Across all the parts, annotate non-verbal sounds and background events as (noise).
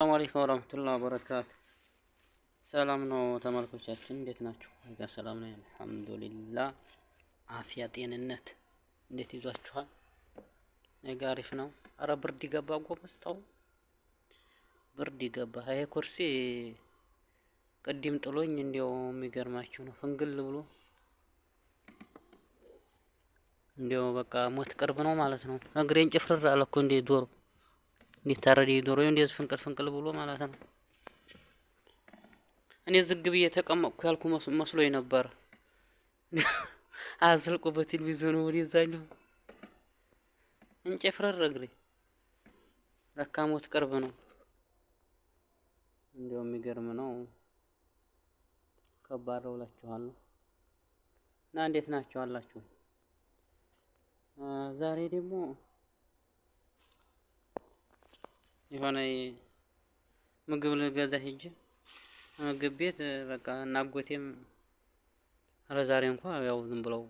ሰላም አለይኩም ወራህመቱላሂ ወበረካቱ። ሰላም ነው ተመልኮቻችን፣ እንዴት ናችሁ? እጋ ሰላም ነው አልሐምዱሊላህ። አፍያ ጤንነት እንዴት ይዟችኋል? ነገ አሪፍ ነው። አረ ብርድ ይገባ ጎበዝ፣ ተው ብርድ ይገባ። ይሄ ኩርሲ ቅድም ጥሎኝ እንዲያው የሚገርማችሁ ነው ፍንግል ብሎ እንዲያው በቃ ሞት ቅርብ ነው ማለት ነው። እግሬን ጭፍርር አለ እኮ እንደ ዶሮ እንዲታረድ ዶሮ እንደዚህ ፍንቅል ፍንቅል ብሎ ማለት ነው። እኔ ዝግብ ብዬ ያልኩ መስሎኝ ነበር። አዝልቆ በቴሌቪዥኑ ወደዛኝ እንጨፍረር እግሬ ለካ ሞት ቅርብ ነው። እንዲያው የሚገርም ነው። ከባድ ነው እላችኋለሁ። እና እንዴት ናችሁ አላችሁ? ዛሬ ደግሞ የሆነ ምግብ ልገዛ ሄጄ ምግብ ቤት በቃ እናጎቴም ኧረ ዛሬ እንኳ ያው ዝም ብለው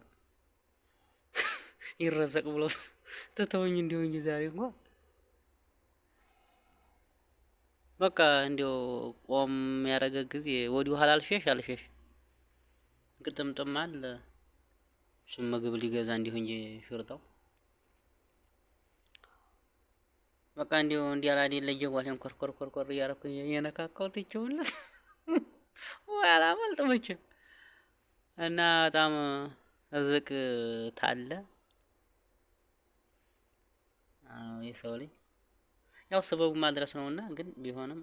(laughs) ይረዘቅ ብለው ትተውኝ እንዲሆኝ ዛሬ እንኳ በቃ እንዲው ቆም ያደረገ ጊዜ ወዲሁ ኋላ አልሸሽ አልሸሽ ግጥምጥም አለ እሱም ምግብ ሊገዛ እንዲሆኝ ሽርጠው በቃ እንዲሁ እንዲያ ላዴ ኮርኮር ኮርኮር እያረኩ እየነካካው ትችውል (laughs) ወይ አላመልጥ መቼም እና በጣም እዝቅ ታለ የሰው ልጅ ያው ሰበቡ ማድረስ ነውና፣ ግን ቢሆንም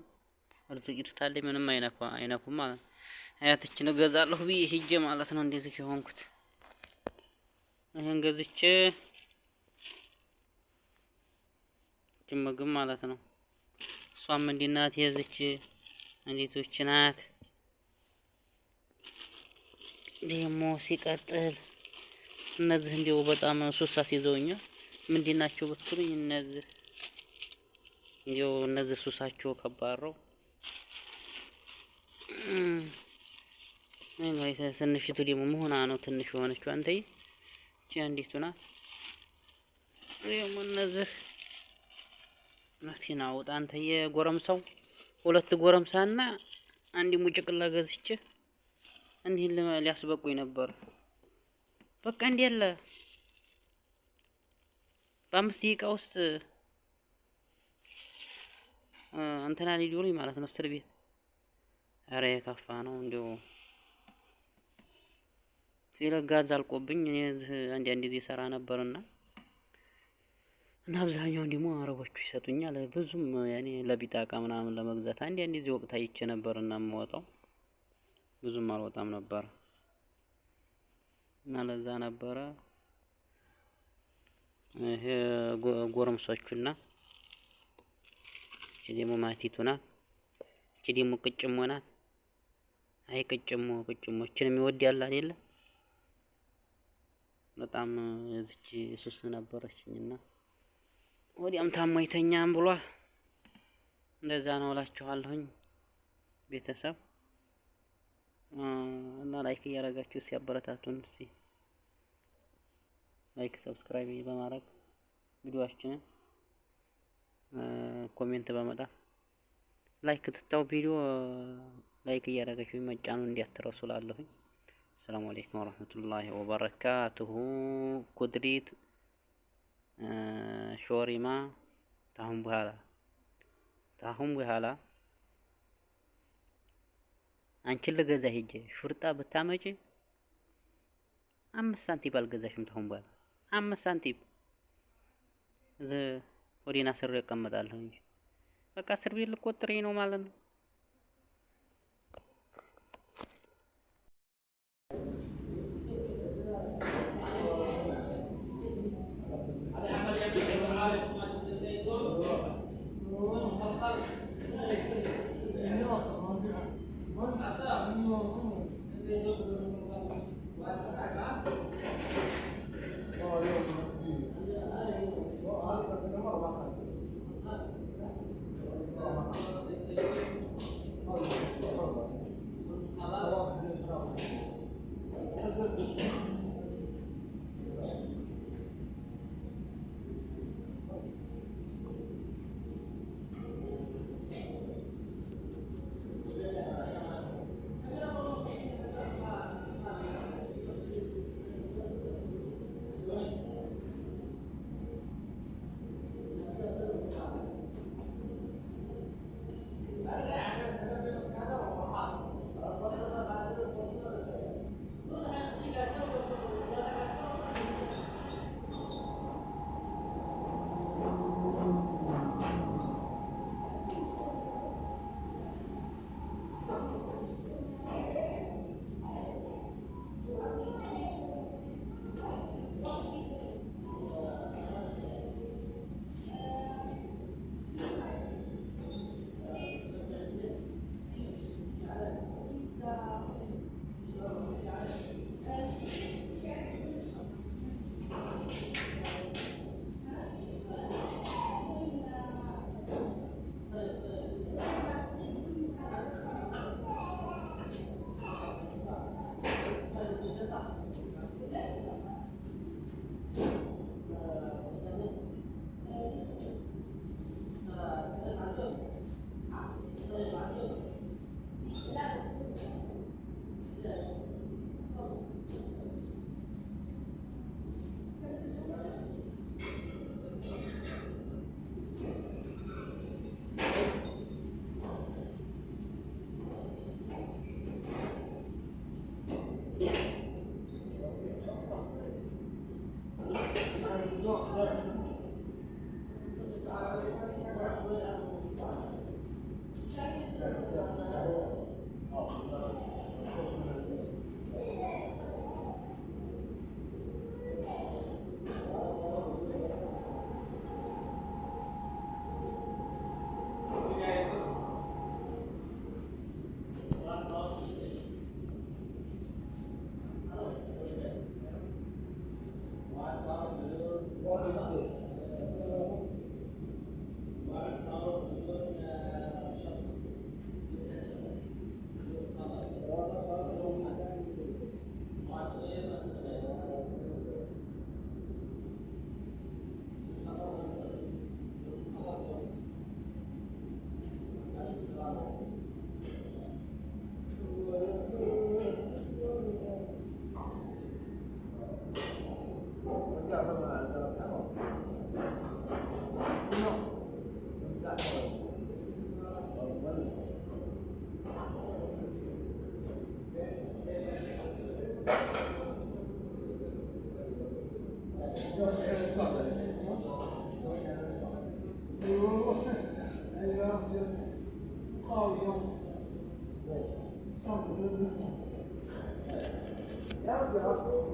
እርዝቂቱ ታለ ምንም አይነኩም ማለት ነው። አያትችን እገዛለሁ ብዬ ሂጄ ማለት ነው እንደዚህ የሆንኩት ይሄን ገዝቼ ይችን ምግብ ማለት ነው። እሷም እንዲህ ናት። የዚች እንዲቶች ናት። ደግሞ ሲቀጥል እነዚህ እንዲው በጣም ሱስ አስይዘውኛል። ምንድን ናቸው ብትሉኝ እነዚህ እንዲው እነዚህ ሱሳቸው ከባረው ትንሽቱ ደግሞ መሆና ነው ትንሽ የሆነችው አንተዬ፣ አንዲቱ ናት ደግሞ እነዚህ እስኪ ና ውጣ አንተዬ ጎረምሳው። ሁለት ጎረምሳና አንድ ሙጭቅላ ገዝቼ እንዲህ ሊያስበቁኝ ነበር። በቃ እንዲ ያለ በአምስት ደቂቃ ውስጥ እንትና ሊሉኝ ማለት ነው። እስር ቤት አረ የከፋ ነው እንዲሁ ሲለጋዝ አልቆብኝ እኔ አንድ አንድ ጊዜ ሰራ ነበርና እና አብዛኛውን ደግሞ አረቦቹ ይሰጡኛል። ብዙም ያኔ ለቢጣቃ ምናምን ለመግዛት አንድ አንድ ዚህ ወቅት አይቼ ነበር እና የምወጣው ብዙም አልወጣም ነበር እና ለዛ ነበረ ይሄ ጎረምሶቹና እቺ ደግሞ ማቲቱ ናት። እቺ ደግሞ ቅጭሞ ናት። አይ ቅጭሞ ቅጭሞ እችን የሚወድ ያለ አይደለ በጣም እዚች ስስ ነበረችኝና ወዲያም ታሞ ይተኛም ብሏል። እንደዛ ነው እላችኋለሁኝ ቤተሰብ እና ላይክ እያደረጋችሁ ሲያበረታቱን እስቲ ላይክ ሰብስክራይብ በማድረግ ቪዲዮአችንን ኮሜንት በመጣፍ ላይክ ትታው ቪዲዮ ላይክ እያደረጋችሁ መጫኑ እንዲያትረሱ ሰላም አለይኩም ወራህመቱላሂ ወበረካቱሁ ኩድሪት ሾሪማ ታሁን በኋላ ታሁን በኋላ አንቺን ልገዛ ሄጄ ሹርጣ ብታመጪ አምስት ሳንቲም አልገዛሽም። ታሁን በኋላ አምስት ሳንቲም ወዲና ስሬ እቀመጣለሁ እንጂ በቃ እስር ቤት ልቆጥሬ ነው ማለት ነው። fazer uma barra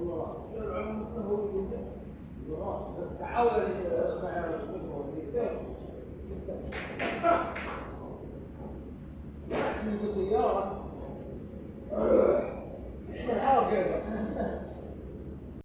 الوراء هو الوراء تعاون مع سيارة احنا عارفين